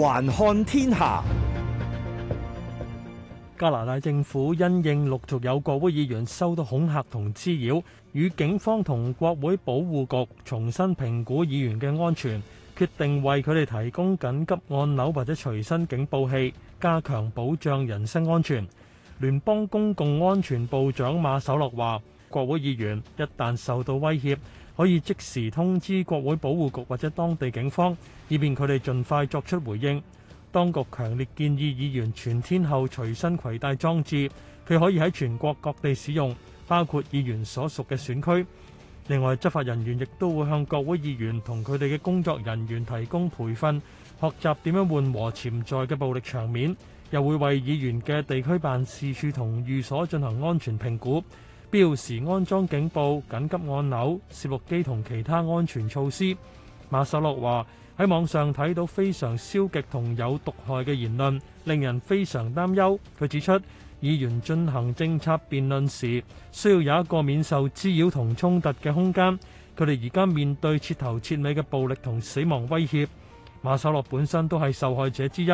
環看天下，加拿大政府因應陸續有國會議員收到恐嚇同滋擾，與警方同國會保護局重新評估議員嘅安全，決定為佢哋提供緊急按鈕或者隨身警報器，加強保障人身安全。聯邦公共安全部長馬首諾話。國會議員一旦受到威脅，可以即時通知國會保護局或者當地警方，以便佢哋盡快作出回應。當局強烈建議議員全天候隨身攜帶裝置，佢可以喺全國各地使用，包括議員所屬嘅選區。另外，執法人員亦都會向國會議員同佢哋嘅工作人員提供培訓，學習點樣緩和潛在嘅暴力場面，又會為議員嘅地區辦事處同寓所進行安全評估。標示安裝警報、緊急按鈕、攝錄機同其他安全措施。馬守樂話：喺網上睇到非常消極同有毒害嘅言論，令人非常擔憂。佢指出，議員進行政策辯論時，需要有一個免受滋擾同衝突嘅空間。佢哋而家面對徹頭徹尾嘅暴力同死亡威脅。馬守樂本身都係受害者之一。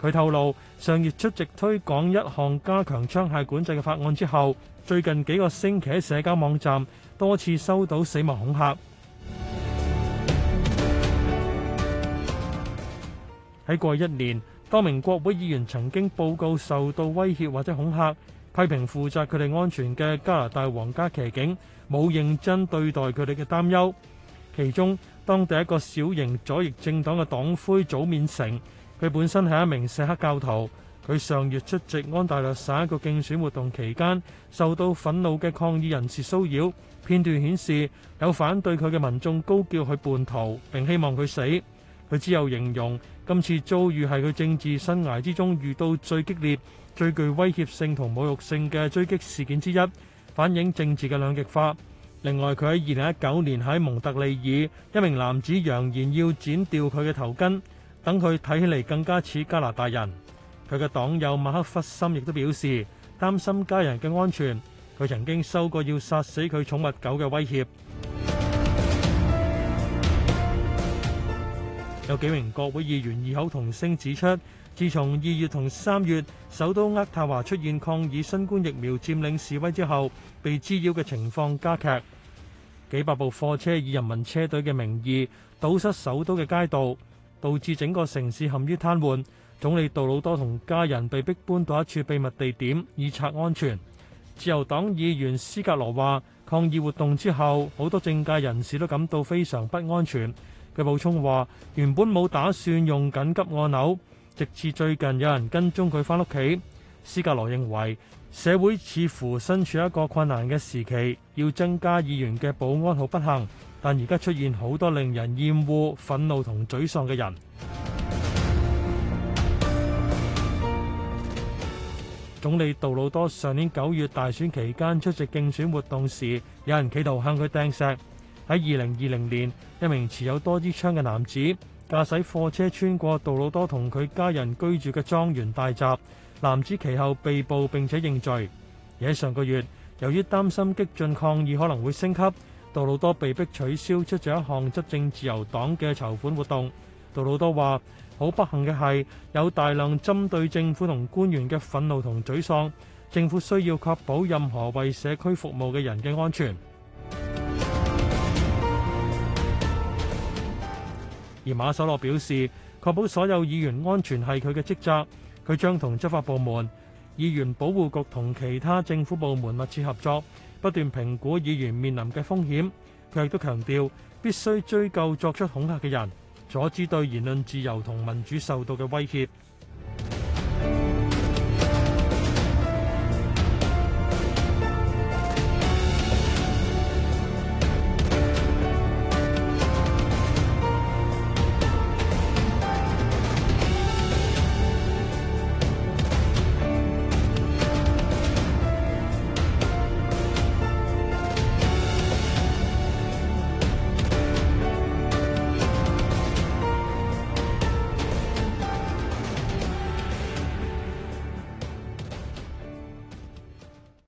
佢透露，上月出席推廣一項加強槍械管制嘅法案之後，最近幾個星期喺社交網站多次收到死亡恐嚇。喺過去一年，多名國會議員曾經報告受到威脅或者恐嚇，批評負責佢哋安全嘅加拿大皇家騎警冇認真對待佢哋嘅擔憂。其中，當地一個小型左翼政黨嘅黨魁組面成。佢本身係一名錫克教徒，佢上月出席安大略省一個競選活動期間，受到憤怒嘅抗議人士騷擾。片段顯示有反對佢嘅民眾高叫佢叛徒，並希望佢死。佢之後形容今次遭遇係佢政治生涯之中遇到最激烈、最具威脅性同侮辱性嘅追擊事件之一，反映政治嘅兩極化。另外，佢喺二零一九年喺蒙特利爾，一名男子揚言要剪掉佢嘅頭巾。等佢睇起嚟更加似加拿大人。佢嘅黨友馬克·弗森亦都表示擔心家人嘅安全。佢曾經收過要殺死佢寵物狗嘅威脅。有幾名國會議員異口同聲指出，自從二月同三月首都渥太華出現抗議新冠疫苗佔領示威之後，被滋擾嘅情況加劇。幾百部貨車以人民車隊嘅名義堵塞首都嘅街道。導致整個城市陷於癱瘓。總理杜魯多同家人被逼搬到一處秘密地點以策安全。自由黨議員斯格羅話：抗議活動之後，好多政界人士都感到非常不安全。佢補充話：原本冇打算用緊急按鈕，直至最近有人跟蹤佢返屋企。斯格羅認為社會似乎身處一個困難嘅時期，要增加議員嘅保安好不幸，但而家出現好多令人厭惡、憤怒同沮喪嘅人。 總理杜魯多上年九月大選期間出席競選活動時，有人企圖向佢掟石。喺二零二零年，一名持有多支槍嘅男子駕駛貨車穿過杜魯多同佢家人居住嘅莊園大閘。男子其後被捕並且認罪。而喺上個月，由於擔心激進抗議可能會升級，杜魯多被迫取消出席一項執政自由黨嘅籌款活動。杜魯多話：好不幸嘅係，有大量針對政府同官員嘅憤怒同沮喪，政府需要確保任何為社區服務嘅人嘅安全。而馬索洛表示，確保所有議員安全係佢嘅職責。佢將同執法部門、議員保護局同其他政府部門密切合作，不斷評估議員面臨嘅風險。佢亦都強調必須追究作出恐嚇嘅人，阻止對言論自由同民主受到嘅威脅。